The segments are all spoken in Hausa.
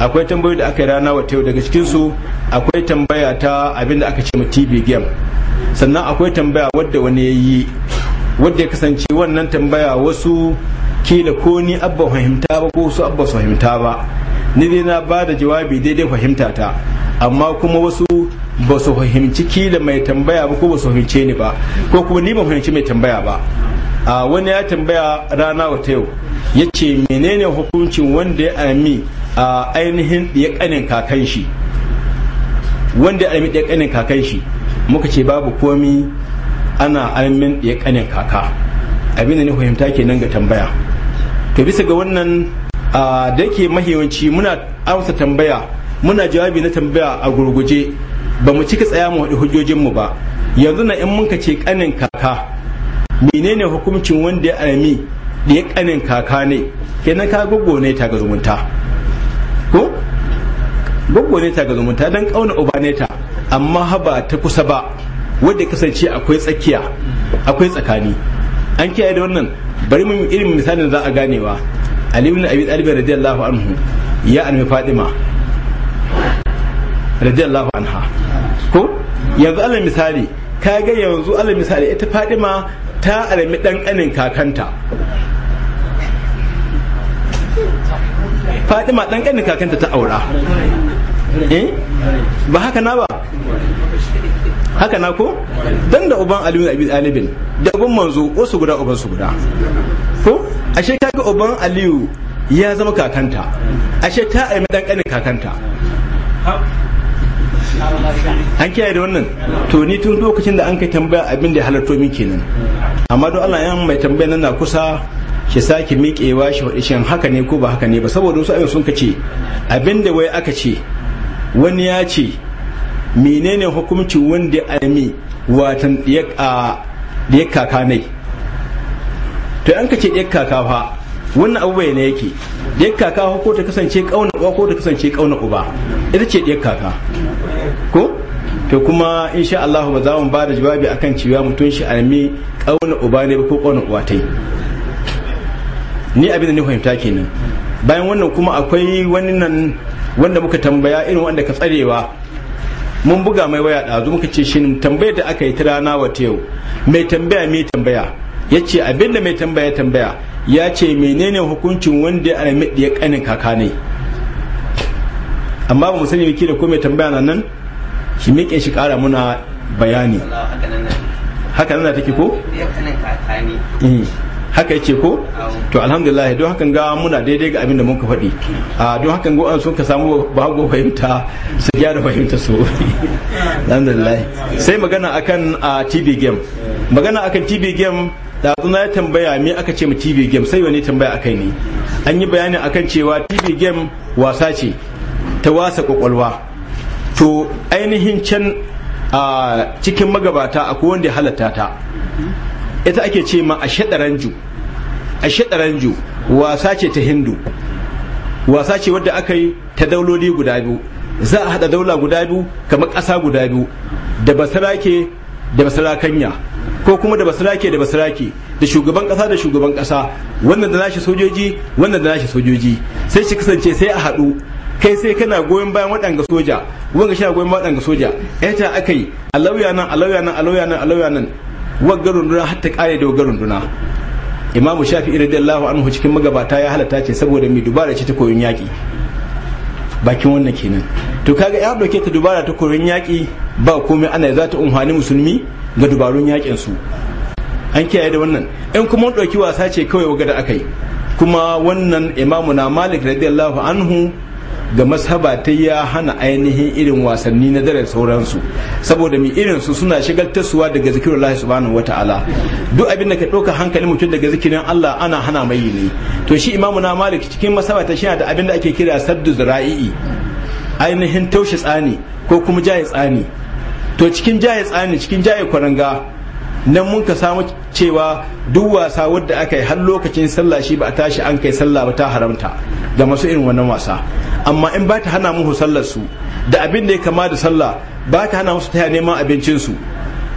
akwai tambayoyi da aka yi rana wata yau daga cikinsu akwai tambaya ta abin da aka ce ma tv game sannan akwai tambaya wadda wani ya yi wadda ya kasance wannan tambaya wasu kila ko ni abba fahimta ba ko su abba fahimta ba ni dai na ba da jawabi daidai fahimta ta amma kuma wasu ba su fahimci kila mai tambaya ba ko ba su fahimce ni ba ko kuma ni ba fahimci mai tambaya ba a wani ya tambaya rana wata yau ya ce menene hukuncin wanda ya ami a ainihin ɗaya ƙanin kakan shi wanda almin ɗaya ƙanin kakan shi muka ce babu komi ana almin ɗaya ƙanin kaka abin da ni fahimta kenan ga tambaya to bisa ga wannan da ke mahiyawanci muna amsa tambaya muna jawabi na tambaya a gurguje ba mu cika tsaya mu haɗu hujjojinmu ba yanzu na in muka ce ƙanin kaka menene hukuncin wanda ya almi ɗaya ƙanin kaka ne kenan ka goggo ne ta ga zumunta ko goggo ne ta ga zumunta dan kauna uba ne ta amma haba ta kusa ba wanda kasance akwai tsakiya akwai tsakani an kiyaye da wannan bari mu irin misalin za a ganewa ali ibn abi talib radiyallahu anhu ya annabi fatima radiyallahu anha ko yanzu alal misali ka ga yanzu alal misali ita fatima ta almi dan kanin kakanta fadima dan kanin kakanta ta aura eh? ba haka na ba haka na ko dan da uban aliyu abi talib da uban manzo su guda uban su guda ko ashe kaga uban aliyu ya zama kakanta ashe ta aimi dan kanin kakanta an kiyaye da wannan to ni tun lokacin da an kai tambaya abin da halarto min kenan amma don Allah yan mai tambaya nan na kusa shi sake miƙewa shi faɗi shan haka ne ko ba haka ne ba saboda wasu abin sun ka ce abinda wai aka ce wani ya ce menene hukuncin wanda ya ami watan da ya kaka ne. to an ka ce da kaka fa wannan abu bai ne yake da kaka ko ta kasance kauna uba ko ta kasance kauna uba ita ce da kaka ko to kuma insha Allah ba za mu ba da jawabi akan cewa mutun shi almi kauna uba ne ko kauna uwa tai ni abin da ni fahimta kenan bayan wannan kuma akwai wani nan wanda muka tambaya irin wanda ka tsarewa mun buga mai waya ɗazu muka ce shi tambayar da aka yi ta rana wata yau mai tambaya mai tambaya ya ce abin da mai tambaya tambaya ya ce menene hukuncin wanda ya alami ya kanin kaka ne amma ba mu sani miki da ko mai tambaya na nan shi miƙe shi ƙara muna bayani haka nan take ko? kanin kaka ne eh. haka yace ko to alhamdulillah don hakan ga muna daidai ga abin da muka faɗi a don hakan go an ka samu bago fahimta su gyara fahimta su alhamdulillah sai magana akan TV game magana akan TV game da zuna ya tambaya me aka ce mu TV game sai wani tambaya akai ne an yi bayani akan cewa TV game wasa ce ta wasa kwakwalwa to ainihin can a cikin magabata akwai wanda ya halatta ta ita ake ce ma a shaɗaranju a shaɗaranju wasa ce ta hindu wasa ce wadda aka yi ta dauloli guda biyu za a haɗa daula guda biyu kamar ƙasa guda biyu da basarake da basarakanya ko kuma da basarake da basarake da shugaban ƙasa da shugaban ƙasa wannan da nashi sojoji wannan da nashi sojoji sai shi kasance sai a haɗu kai sai kana goyon bayan waɗanga soja wanga shi na goyon bayan waɗanga soja ita yi alauya nan alauya nan alauya nan alauya nan wagga runduna har ta kare da wagga runduna imamu shafi'i radiyallahu anhu cikin magabata ya halatta ce saboda mai dubara ce ta koyon yaƙi bakin wannan kenan to kaga ya dauke ta dubara ta koyon yaƙi ba komai ana za ta umhani musulmi ga dubarun yaƙin su an kiyaye da wannan in kuma doki wasa ce kawai waga da akayi. kuma wannan imamu na malik radiyallahu anhu ga mashaba ta ya hana ainihin irin wasanni na dare sauransu saboda mi irin su suna shigaltarsuwa daga zikirin Allah subhanahu wataala duk abin da ka ɗauka hankalin mutum daga zikirin Allah ana hana mai ne to shi imamu na malik cikin mashaba ta shi da abin da ake kira saddu zira'i ainihin taushe tsani ko kuma jaye tsani to cikin jaye tsani cikin jaye kwaranga nan mun ka samu cewa duk wasa wadda aka yi har lokacin sallah shi ba a tashi an kai sallah ba ta haramta ga masu irin wannan wasa amma in ba ta hana muku sallar su da abin da ya kama da sallah ba ta hana musu taya neman abincin su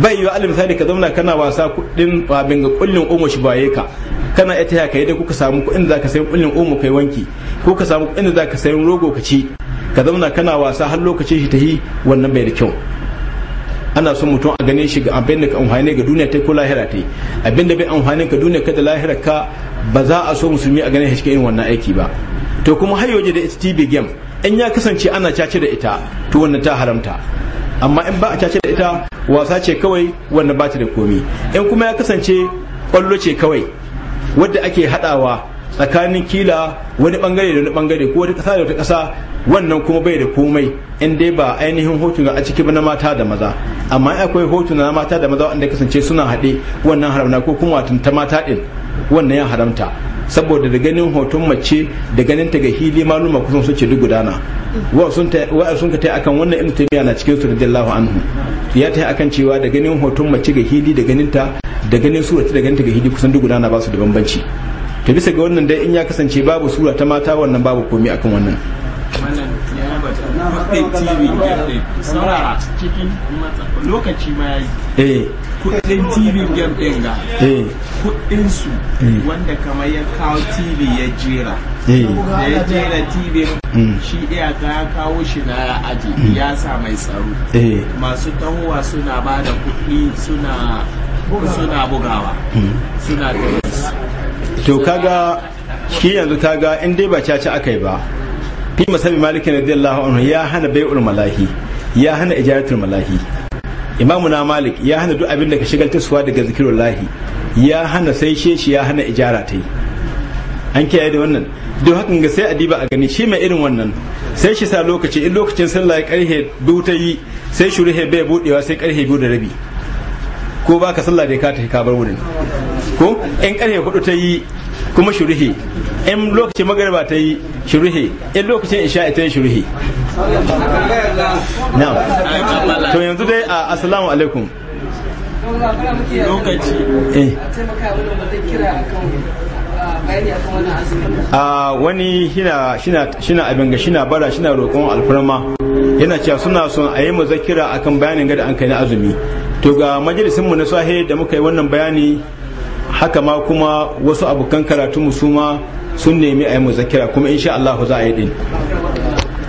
bai wa alim sai ka zauna kana wasa kudin abin ga kullin omo shi baye ka kana ita ya kai da kuka samu kudin da zaka sayi kullin omo kai wanki ko ka samu kudin da zaka sayi rogo ka ci ka zauna kana wasa har lokacin shi tahi wannan bai da kyau ana son mutum a gane shi ga abin da ka amfani ga duniya ta ko lahira ta abin da bai amfani ka duniya ka da lahira ka ba za a so musulmi a gane shi irin wannan aiki ba to kuma hayoji da da stb game in ya kasance ana cace da ita to wannan ta haramta amma in ba a cace da ita wasa ce kawai wannan ba ta da komi in kuma ya kasance kwallo ce kawai wadda ake hadawa tsakanin kila wani bangare da wani bangare ko wata kasa da wata kasa wannan kuma bai da komai in dai ba ainihin hotuna a ciki na mata da maza amma akwai hotuna na mata da maza wanda kasance suna haɗe wannan haramna ko kuma watan ta mata din wannan ya haramta saboda da ganin hoton mace da ganin ta ga hili maluma kusan sun ce duk gudana wa sun ka tai akan wannan ibnu taymiya na cikin surat radiyallahu anhu ya tai akan cewa da ganin hoton mace ga hili da ganin ta da ganin sura da ganin ta ga hili kusan duk gudana ba su da bambanci ta bisa ga wannan dai in ya kasance babu sura ta mata wannan babu komi akan wannan lokaci ma ya yi eh. kudin tv game din ga eh. kudin su eh. wanda kamar ya kawo tv ya jera eh. da ya jera tv hmm. shi iyaka ya kawo shi na aji hmm. ya sa mai tsaro masu tahowa suna ba da kudi suna suna bugawa hmm. suna to kaga shi yanzu ta ga in dai ba caci aka yi ba fi masami malikin radiyallahu anhu ya hana bai'ul malahi ya hana ijaratul malahi imamu na malik ya hana duk abin da ka shigar suwa daga zikirun lahi ya hana sai sheshi ya hana ijara ta yi an kiyaye da wannan don hakan ga sai adiba a gani shi mai irin wannan sai shi sa lokaci in lokacin sallah ya karhe biyu ta yi sai shurihe bai budewa sai karhe biyu da rabi ko ba ka sallah da ka tafi ka bar wurin ko in karhe hudu ta yi kuma shurihe in lokacin magariba ta yi shurihe in lokacin isha'i ta yi shurihe to yanzu dai asalamu alaikum lokaci eh. a wani shina abin ga shina bara shina roƙon alfarma yana cewa suna son a yi mazakira akan bayanin gada an kai na azumi to ga majalisinmu na sahe da muka yi wannan bayani haka ma kuma wasu abokan karatu mu suma sun nemi a yi mazakira kuma insha Allah za a yi din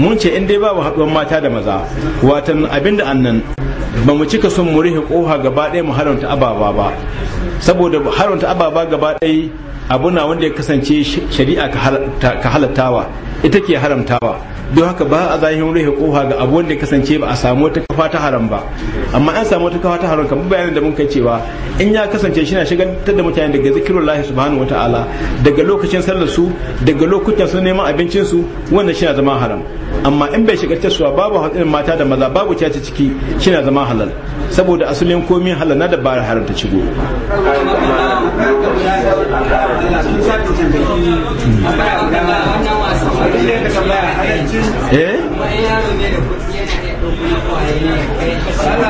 mun ce in dai babu haɗuwar mata da maza watan abin da annan ba mu cika son mu rihe koha gaba ɗaya mu haramta ababa ba saboda haramta ababa gaba ɗaya abu na wanda ya kasance shari'a ka halattawa ita ke haramtawa don haka ba a zahirin rufe kofa ga abu da kasance ba a samu wata kafa ta haram ba amma an samu wata kafa ta haram kamar bayanin da mun kai cewa in ya kasance shi na da mutane daga zikirin lahi subhanahu wataala daga lokacin sallar su daga lokutan su neman abincin su wannan shi na zama haram amma in bai shigar tasuwa babu hatsarin mata da maza babu caci ciki shi na zama halal saboda asalin komi halal na da ba haram ta shigo hmm. Eh?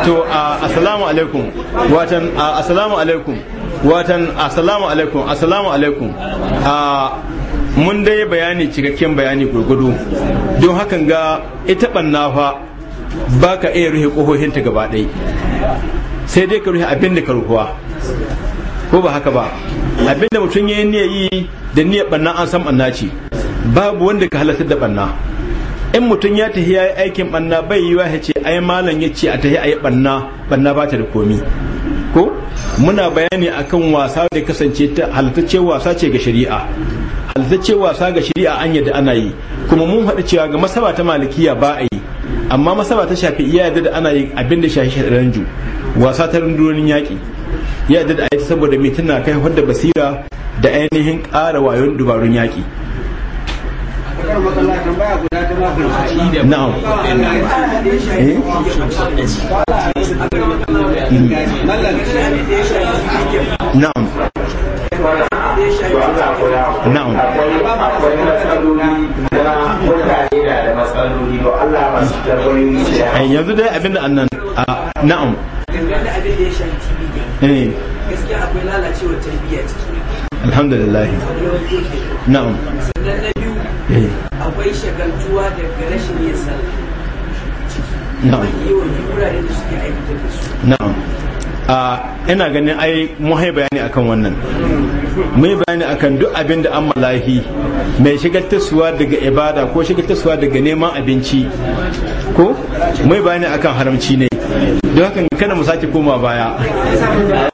to uh, assalamu alaikum watan uh, assalamu alaikum watan assalamu alaikum assalamu alaikum uh, mun dai bayani cikakken bayani gurgudu don hakan ga ita banna fa ba ka iya rufe gaba ɗai sai dai ka rufe abin da ka ruhuwa ko ba haka ba abin da mutum ya yi da niyyar banna an san banna ce babu wanda ka halartar da banna in mutum ya tafi ya yi aikin banna bai yi ya ce ai malam ya ce a tafi a yi banna banna ba ta da komi ko muna bayani akan wasa da kasance ta halittacce wasa ce ga shari'a halittacce wasa ga shari'a an yadda ana yi kuma mun haɗu cewa ga masaba ta malikiya ba a yi amma masaba ta shafi iya yadda da ana yi abin da shafi ju wasa ta rundunonin yaƙi ya yadda da a yi saboda mai tana kai da basira da ainihin ƙara wayon dubarun yaƙi نعم. إيه؟ نعم نعم آه، نعم نعم نعم نعم الحمد لله نعم Eh. akwai shagaltuwa daga rashin yin sallah na'am ah, ina ganin ai mun hai bayani akan wannan mun bayani akan duk abin da an malahi mai shigaltarsuwa daga ibada ko shigaltarsuwa daga neman abinci ko mun bayani akan haramci ne don haka kana mu sake koma baya